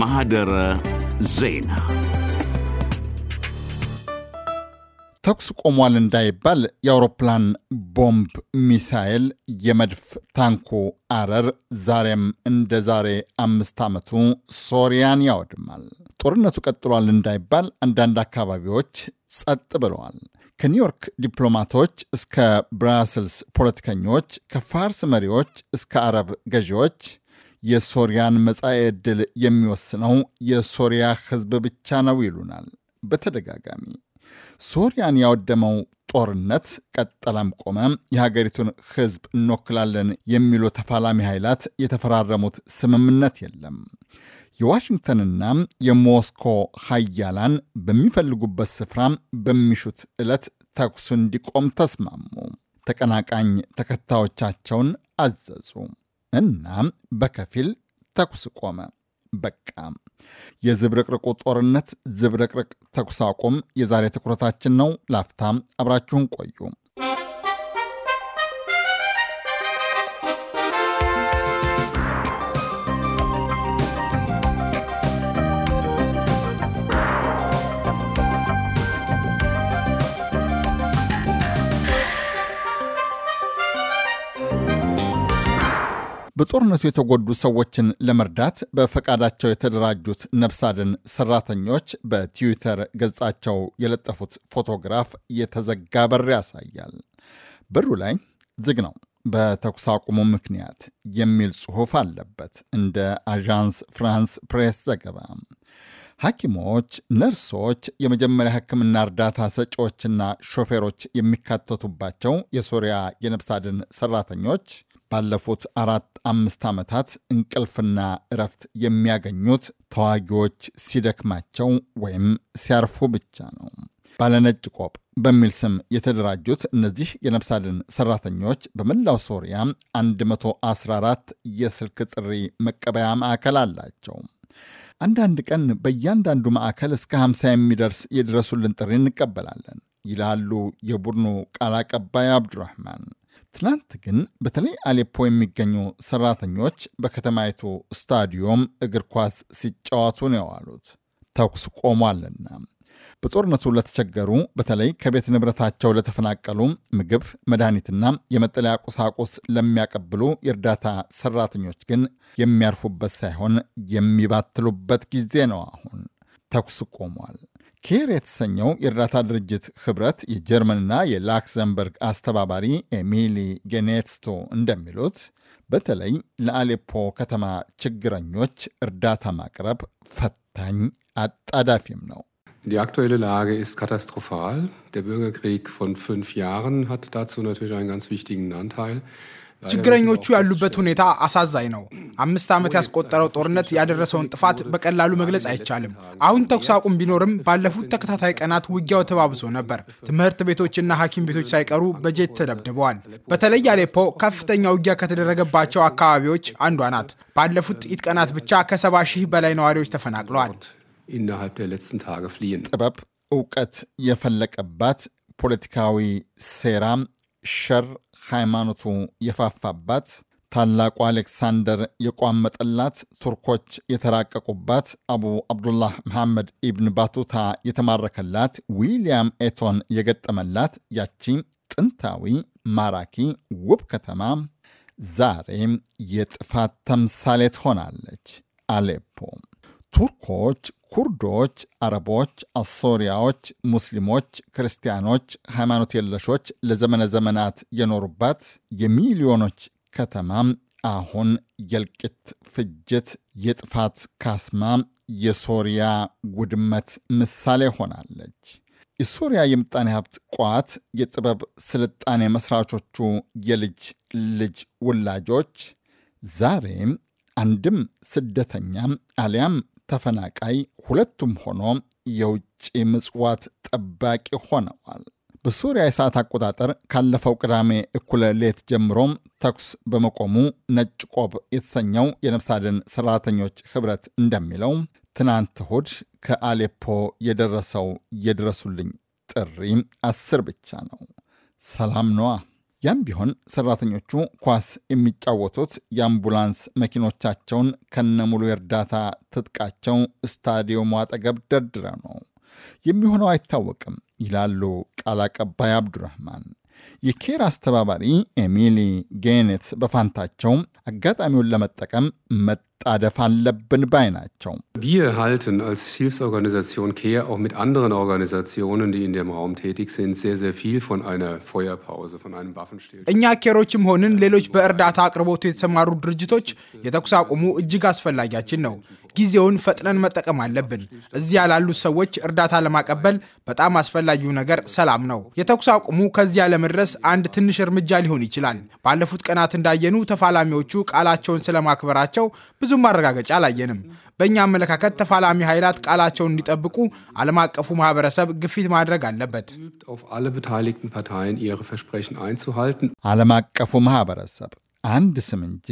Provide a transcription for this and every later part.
ማህደረ ዜና ተኩስ ቆሟል እንዳይባል የአውሮፕላን ቦምብ፣ ሚሳኤል፣ የመድፍ ታንኩ አረር ዛሬም እንደ ዛሬ አምስት ዓመቱ ሶሪያን ያወድማል። ጦርነቱ ቀጥሏል እንዳይባል አንዳንድ አካባቢዎች ጸጥ ብለዋል። ከኒውዮርክ ዲፕሎማቶች እስከ ብራስልስ ፖለቲከኞች፣ ከፋርስ መሪዎች እስከ አረብ ገዢዎች የሶሪያን መጻኤ ዕድል የሚወስነው የሶሪያ ሕዝብ ብቻ ነው ይሉናል በተደጋጋሚ ሶሪያን ያወደመው ጦርነት ቀጠለም ቆመ የሀገሪቱን ሕዝብ እንወክላለን የሚሉ ተፋላሚ ኃይላት የተፈራረሙት ስምምነት የለም። የዋሽንግተንና የሞስኮ ሀያላን በሚፈልጉበት ስፍራ በሚሹት ዕለት ተኩስ እንዲቆም ተስማሙ። ተቀናቃኝ ተከታዮቻቸውን አዘዙ እና በከፊል ተኩስ ቆመ። በቃ። የዝብርቅርቁ ጦርነት ዝብርቅርቅ ተኩስ አቁም የዛሬ ትኩረታችን ነው። ላፍታም አብራችሁን ቆዩ። በጦርነቱ የተጎዱ ሰዎችን ለመርዳት በፈቃዳቸው የተደራጁት ነፍስ አድን ሰራተኞች በትዊተር ገጻቸው የለጠፉት ፎቶግራፍ የተዘጋ በር ያሳያል። በሩ ላይ ዝግ ነው በተኩስ አቁሙ ምክንያት የሚል ጽሑፍ አለበት። እንደ አዣንስ ፍራንስ ፕሬስ ዘገባ ሐኪሞች፣ ነርሶች፣ የመጀመሪያ ሕክምና እርዳታ ሰጪዎችና ሾፌሮች የሚካተቱባቸው የሶሪያ የነፍስ አድን ሰራተኞች ባለፉት አራት አምስት ዓመታት እንቅልፍና እረፍት የሚያገኙት ተዋጊዎች ሲደክማቸው ወይም ሲያርፉ ብቻ ነው። ባለነጭ ቆብ በሚል ስም የተደራጁት እነዚህ የነፍስ አድን ሰራተኞች በመላው ሶሪያ 114 የስልክ ጥሪ መቀበያ ማዕከል አላቸው። አንዳንድ ቀን በእያንዳንዱ ማዕከል እስከ 50 የሚደርስ የድረሱልን ጥሪ እንቀበላለን ይላሉ የቡድኑ ቃል አቀባይ አብዱራህማን። ትላንት ግን በተለይ አሌፖ የሚገኙ ሰራተኞች በከተማይቱ ስታዲዮም እግር ኳስ ሲጫወቱ ነው የዋሉት። ተኩስ ቆሟልና በጦርነቱ ለተቸገሩ በተለይ ከቤት ንብረታቸው ለተፈናቀሉ ምግብ፣ መድኃኒትና የመጠለያ ቁሳቁስ ለሚያቀብሉ የእርዳታ ሰራተኞች ግን የሚያርፉበት ሳይሆን የሚባትሉበት ጊዜ ነው። አሁን ተኩስ ቆሟል። ኬር የተሰኘው የእርዳታ ድርጅት ህብረት የጀርመንና የላክሰምበርግ አስተባባሪ ኤሚሊ ጌኔትስቶ እንደሚሉት በተለይ ለአሌፖ ከተማ ችግረኞች እርዳታ ማቅረብ ፈታኝ አጣዳፊም ነው። Die aktuelle Lage ist katastrophal. Der Bürgerkrieg von fünf Jahren hat dazu natürlich einen ganz wichtigen Anteil. ችግረኞቹ ያሉበት äh, ሁኔታ አሳዛኝ ነው። አምስት ዓመት ያስቆጠረው ጦርነት ያደረሰውን ጥፋት በቀላሉ መግለጽ አይቻልም። አሁን ተኩስ አቁም ቢኖርም ባለፉት ተከታታይ ቀናት ውጊያው ተባብሶ ነበር። ትምህርት ቤቶችና ሐኪም ቤቶች ሳይቀሩ በጀት ተደብድበዋል። በተለይ አሌፖ ከፍተኛ ውጊያ ከተደረገባቸው አካባቢዎች አንዷ ናት። ባለፉት ጥቂት ቀናት ብቻ ከሰባ ሺህ በላይ ነዋሪዎች ተፈናቅለዋል። innerhalb der letzten Tage fliehen. ጥበብ እውቀት የፈለቀባት ፖለቲካዊ ሴራ ሸር ሃይማኖቱ የፋፋባት ታላቁ አሌክሳንደር የቋመጠላት ቱርኮች የተራቀቁባት አቡ አብዱላህ መሐመድ ኢብን ባቱታ የተማረከላት ዊልያም ኤቶን የገጠመላት ያቺ ጥንታዊ ማራኪ ውብ ከተማ ዛሬም የጥፋት ተምሳሌ ትሆናለች። አሌፖ ቱርኮች ኩርዶች፣ አረቦች፣ አሶሪያዎች፣ ሙስሊሞች፣ ክርስቲያኖች፣ ሃይማኖት የለሾች ለዘመነ ዘመናት የኖሩባት የሚሊዮኖች ከተማም አሁን የእልቂት ፍጅት፣ የጥፋት ካስማ፣ የሶሪያ ውድመት ምሳሌ ሆናለች። የሶሪያ የምጣኔ ሀብት ቋት የጥበብ ስልጣኔ መስራቾቹ የልጅ ልጅ ውላጆች ዛሬ አንድም ስደተኛ አሊያም ተፈናቃይ ሁለቱም ሆኖ የውጭ ምጽዋት ጠባቂ ሆነዋል። በሱሪያ የሰዓት አቆጣጠር ካለፈው ቅዳሜ እኩለ ሌት ጀምሮ ተኩስ በመቆሙ ነጭ ቆብ የተሰኘው የነፍስ አድን ሰራተኞች ህብረት እንደሚለው ትናንት እሁድ ከአሌፖ የደረሰው የድረሱልኝ ጥሪ አስር ብቻ ነው። ሰላም ነዋ። ያም ቢሆን ሰራተኞቹ ኳስ የሚጫወቱት የአምቡላንስ መኪኖቻቸውን ከነሙሉ የእርዳታ ትጥቃቸው ስታዲየሙ አጠገብ ደርድረው ነው። የሚሆነው አይታወቅም ይላሉ ቃል አቀባይ አብዱራህማን። የኬር አስተባባሪ ኤሚሊ ጌኔት በፋንታቸው አጋጣሚውን ለመጠቀም መ መጣደፍ አለብን ባይ ናቸው። Wir halten als Hilfsorganisation CARE auch እኛ ኬሮችም ሆንን ሌሎች በእርዳታ አቅርቦቱ የተሰማሩ ድርጅቶች የተኩስ አቁሙ እጅግ አስፈላጊያችን ነው። ጊዜውን ፈጥነን መጠቀም አለብን። እዚያ ላሉት ሰዎች እርዳታ ለማቀበል በጣም አስፈላጊው ነገር ሰላም ነው። የተኩስ አቁሙ ከዚያ ለመድረስ አንድ ትንሽ እርምጃ ሊሆን ይችላል። ባለፉት ቀናት እንዳየኑ ተፋላሚዎቹ ቃላቸውን ስለማክበራቸው ብዙ ብዙም ማረጋገጫ አላየንም። በእኛ አመለካከት ተፋላሚ ኃይላት ቃላቸውን እንዲጠብቁ ዓለም አቀፉ ማህበረሰብ ግፊት ማድረግ አለበት። ዓለም አቀፉ ማህበረሰብ አንድ ስም እንጂ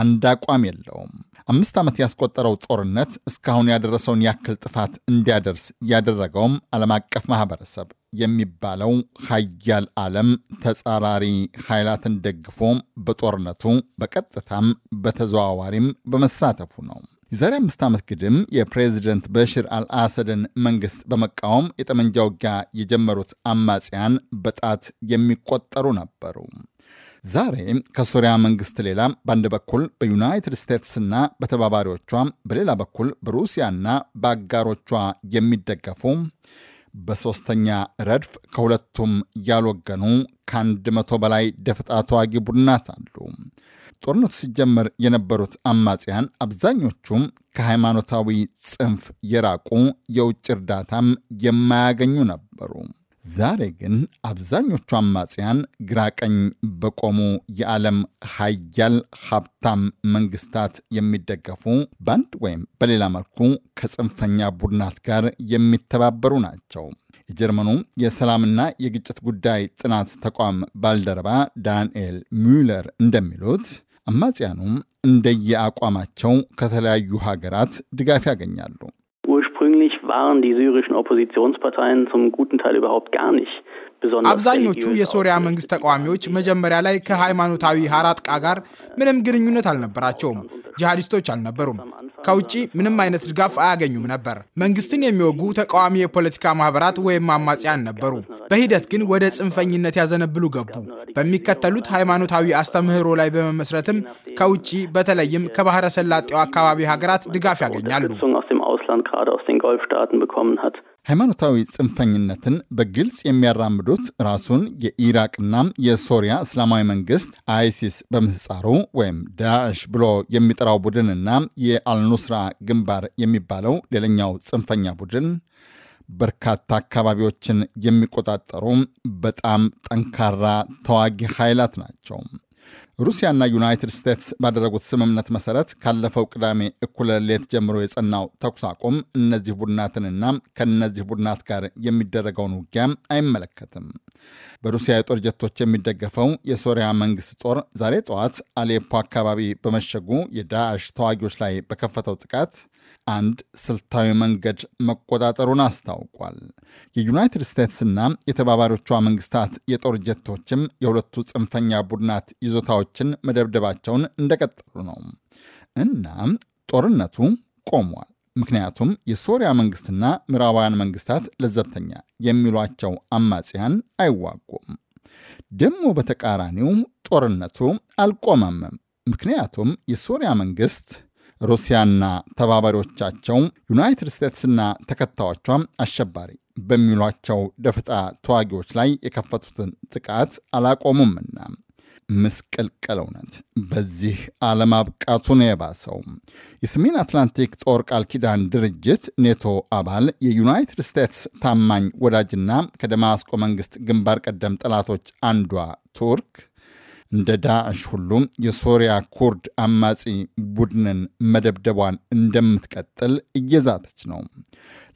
አንድ አቋም የለውም። አምስት ዓመት ያስቆጠረው ጦርነት እስካሁን ያደረሰውን ያክል ጥፋት እንዲያደርስ ያደረገውም ዓለም አቀፍ ማህበረሰብ የሚባለው ሀያል ዓለም ተጻራሪ ኃይላትን ደግፎ በጦርነቱ በቀጥታም በተዘዋዋሪም በመሳተፉ ነው። የዛሬ አምስት ዓመት ግድም የፕሬዚደንት በሽር አልአሰድን መንግስት በመቃወም የጠመንጃ ውጊያ የጀመሩት አማጽያን በጣት የሚቆጠሩ ነበሩ። ዛሬ ከሶሪያ መንግስት ሌላ በአንድ በኩል በዩናይትድ ስቴትስና በተባባሪዎቿ፣ በሌላ በኩል በሩሲያና በአጋሮቿ የሚደገፉ በሦስተኛ ረድፍ ከሁለቱም ያልወገኑ ከአንድ መቶ በላይ ደፈጣ ተዋጊ ቡድናት አሉ። ጦርነቱ ሲጀመር የነበሩት አማጽያን አብዛኞቹም ከሃይማኖታዊ ጽንፍ የራቁ የውጭ እርዳታም የማያገኙ ነበሩ። ዛሬ ግን አብዛኞቹ አማጽያን ግራ ቀኝ በቆሙ የዓለም ሀያል ሀብታም መንግስታት የሚደገፉ በአንድ ወይም በሌላ መልኩ ከጽንፈኛ ቡድናት ጋር የሚተባበሩ ናቸው። የጀርመኑ የሰላምና የግጭት ጉዳይ ጥናት ተቋም ባልደረባ ዳንኤል ሚለር እንደሚሉት አማጽያኑም እንደየአቋማቸው ከተለያዩ ሀገራት ድጋፍ ያገኛሉ። አብዛኞቹ የሶሪያ መንግስት ተቃዋሚዎች መጀመሪያ ላይ ከሃይማኖታዊ ሀራጥቃ ጋር ምንም ግንኙነት አልነበራቸውም። ጂሃዲስቶች አልነበሩም። ከውጭ ምንም አይነት ድጋፍ አያገኙም ነበር። መንግስትን የሚወጉ ተቃዋሚ የፖለቲካ ማህበራት ወይም አማጽያን ነበሩ። በሂደት ግን ወደ ጽንፈኝነት ያዘነብሉ ገቡ። በሚከተሉት ሃይማኖታዊ አስተምህሮ ላይ በመመስረትም ከውጭ በተለይም ከባህረ ሰላጤው አካባቢ ሀገራት ድጋፍ ያገኛሉ። Ausland, gerade aus den Golfstaaten, bekommen hat። ሃይማኖታዊ ጽንፈኝነትን በግልጽ የሚያራምዱት ራሱን የኢራቅና የሶሪያ እስላማዊ መንግስት አይሲስ በምህፃሩ ወይም ዳሽ ብሎ የሚጠራው ቡድንና የአልኑስራ ግንባር የሚባለው ሌላኛው ጽንፈኛ ቡድን በርካታ አካባቢዎችን የሚቆጣጠሩ በጣም ጠንካራ ተዋጊ ኃይላት ናቸው። ሩሲያና ዩናይትድ ስቴትስ ባደረጉት ስምምነት መሰረት ካለፈው ቅዳሜ እኩለ ሌት ጀምሮ የጸናው ተኩስ አቁም እነዚህ ቡድናትንና ከእነዚህ ቡድናት ጋር የሚደረገውን ውጊያ አይመለከትም። በሩሲያ የጦር ጀቶች የሚደገፈው የሶሪያ መንግስት ጦር ዛሬ ጠዋት አሌፖ አካባቢ በመሸጉ የዳዕሽ ተዋጊዎች ላይ በከፈተው ጥቃት አንድ ስልታዊ መንገድ መቆጣጠሩን አስታውቋል። የዩናይትድ ስቴትስና የተባባሪዎቿ መንግስታት የጦር ጀቶችም የሁለቱ ጽንፈኛ ቡድናት ይዞታዎችን መደብደባቸውን እንደቀጠሉ ነው። እናም ጦርነቱ ቆሟል። ምክንያቱም የሶሪያ መንግስትና ምዕራባውያን መንግስታት ለዘብተኛ የሚሏቸው አማጽያን አይዋጉም። ደግሞ በተቃራኒው ጦርነቱ አልቆመም። ምክንያቱም የሶሪያ መንግስት ሩሲያና ተባባሪዎቻቸው ዩናይትድ ስቴትስና ተከታዮቿ አሸባሪ በሚሏቸው ደፈጣ ተዋጊዎች ላይ የከፈቱትን ጥቃት አላቆሙምና ምስቅልቅል ነት በዚህ አለማብቃቱን የባሰው የሰሜን አትላንቲክ ጦር ቃል ኪዳን ድርጅት ኔቶ አባል የዩናይትድ ስቴትስ ታማኝ ወዳጅና ከደማስቆ መንግስት ግንባር ቀደም ጠላቶች አንዷ ቱርክ እንደ ዳዕሽ ሁሉም የሶሪያ ኩርድ አማጺ ቡድንን መደብደቧን እንደምትቀጥል እየዛተች ነው።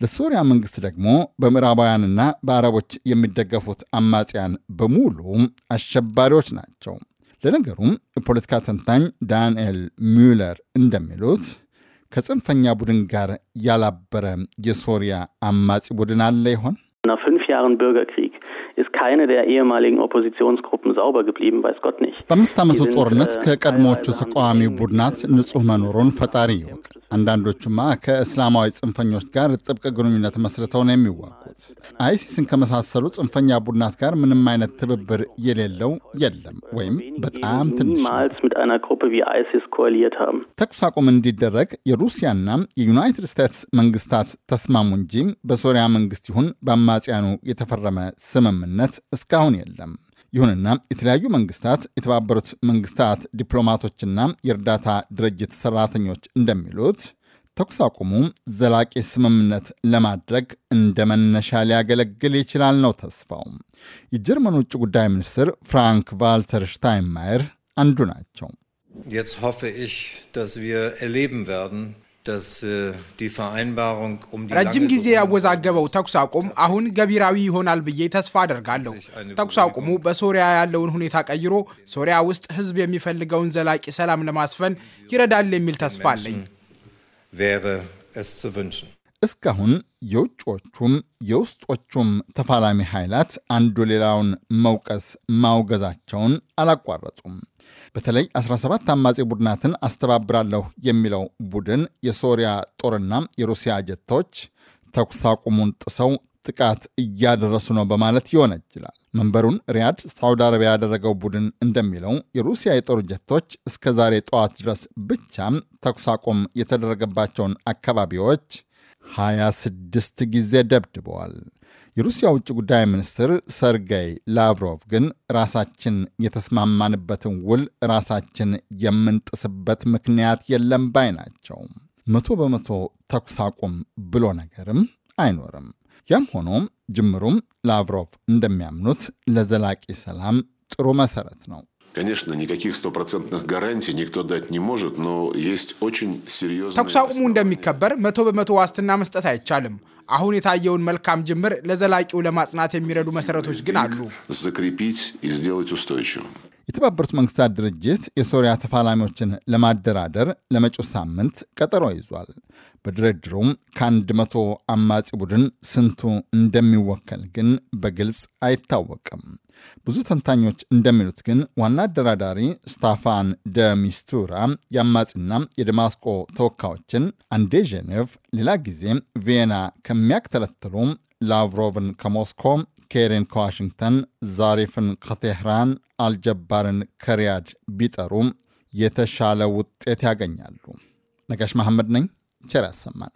ለሶሪያ መንግስት ደግሞ በምዕራባውያንና በአረቦች የሚደገፉት አማጽያን በሙሉ አሸባሪዎች ናቸው። ለነገሩም የፖለቲካ ተንታኝ ዳንኤል ሚለር እንደሚሉት ከጽንፈኛ ቡድን ጋር ያላበረ የሶሪያ አማጺ ቡድን አለ ይሆን? ist keine der ehemaligen Oppositionsgruppen sauber geblieben, weiß Gott nicht. በአምስት ዓመቱ ጦርነት አንዳንዶቹማ ከእስላማዊ ጽንፈኞች ጋር ጥብቅ ግንኙነት መስርተው ነው የሚዋጉት። አይሲስን ከመሳሰሉ ጽንፈኛ ቡድናት ጋር ምንም አይነት ትብብር የሌለው የለም ወይም በጣም ትንሽ። ተኩስ አቁም እንዲደረግ የሩሲያና የዩናይትድ ስቴትስ መንግስታት ተስማሙ እንጂ በሶሪያ መንግስት ይሁን በአማጽያኑ የተፈረመ ስምምነት እስካሁን የለም። ይሁንና የተለያዩ መንግስታት፣ የተባበሩት መንግስታት ዲፕሎማቶችና የእርዳታ ድርጅት ሰራተኞች እንደሚሉት ተኩስ አቁሙ ዘላቂ ስምምነት ለማድረግ እንደ መነሻ ሊያገለግል ይችላል ነው ተስፋው። የጀርመን ውጭ ጉዳይ ሚኒስትር ፍራንክ ቫልተር ሽታይንማየር አንዱ ናቸው። Jetzt hoffe ich, dass wir erleben werden, Äh, um ረጅም ጊዜ ያወዛገበው ተኩስ አቁም አሁን ገቢራዊ ይሆናል ብዬ ተስፋ አደርጋለሁ። ተኩስ አቁሙ በሶሪያ ያለውን ሁኔታ ቀይሮ ሶሪያ ውስጥ ሕዝብ የሚፈልገውን ዘላቂ ሰላም ለማስፈን ይረዳል የሚል ተስፋ አለኝ። እስካሁን የውጮቹም የውስጦቹም ተፋላሚ ኃይላት አንዱ ሌላውን መውቀስ ማውገዛቸውን አላቋረጹም። በተለይ 17 አማጺ ቡድናትን አስተባብራለሁ የሚለው ቡድን የሶሪያ ጦርና የሩሲያ ጀቶች ተኩስ አቁሙን ጥሰው ጥቃት እያደረሱ ነው በማለት ይወነጅላል። መንበሩን ሪያድ ሳውዲ አረቢያ ያደረገው ቡድን እንደሚለው የሩሲያ የጦር ጀቶች እስከ ዛሬ ጠዋት ድረስ ብቻ ተኩስ አቁም የተደረገባቸውን አካባቢዎች 26 ጊዜ ደብድበዋል። የሩሲያ ውጭ ጉዳይ ሚኒስትር ሰርጌይ ላቭሮቭ ግን ራሳችን የተስማማንበትን ውል ራሳችን የምንጥስበት ምክንያት የለም ባይ ናቸው። መቶ በመቶ ተኩስ አቁም ብሎ ነገርም አይኖርም። ያም ሆኖ ጅምሩም ላቭሮቭ እንደሚያምኑት ለዘላቂ ሰላም ጥሩ መሰረት ነው። ተኩስ አቁሙ እንደሚከበር መቶ በመቶ ዋስትና መስጠት አይቻልም። አሁን የታየውን መልካም ጅምር ለዘላቂው ለማጽናት የሚረዱ መሰረቶች ግን አሉ። የተባበሩት መንግስታት ድርጅት የሶሪያ ተፋላሚዎችን ለማደራደር ለመጪው ሳምንት ቀጠሮ ይዟል። በድርድሩም ከአንድ መቶ አማጺ ቡድን ስንቱ እንደሚወከል ግን በግልጽ አይታወቅም። ብዙ ተንታኞች እንደሚሉት ግን ዋና አደራዳሪ ስታፋን ደ ሚስቱራ የአማጽና የደማስቆ ተወካዮችን አንዴ ዤኔቭ ሌላ ጊዜ ቪየና ከሚያክተለትሉ ላቭሮቭን ከሞስኮ ኬሪን ከዋሽንግተን ዛሪፍን ከቴህራን አልጀባርን ከሪያድ ቢጠሩ የተሻለ ውጤት ያገኛሉ። ነጋሽ መሐመድ ነኝ። ቸር ያሰማን።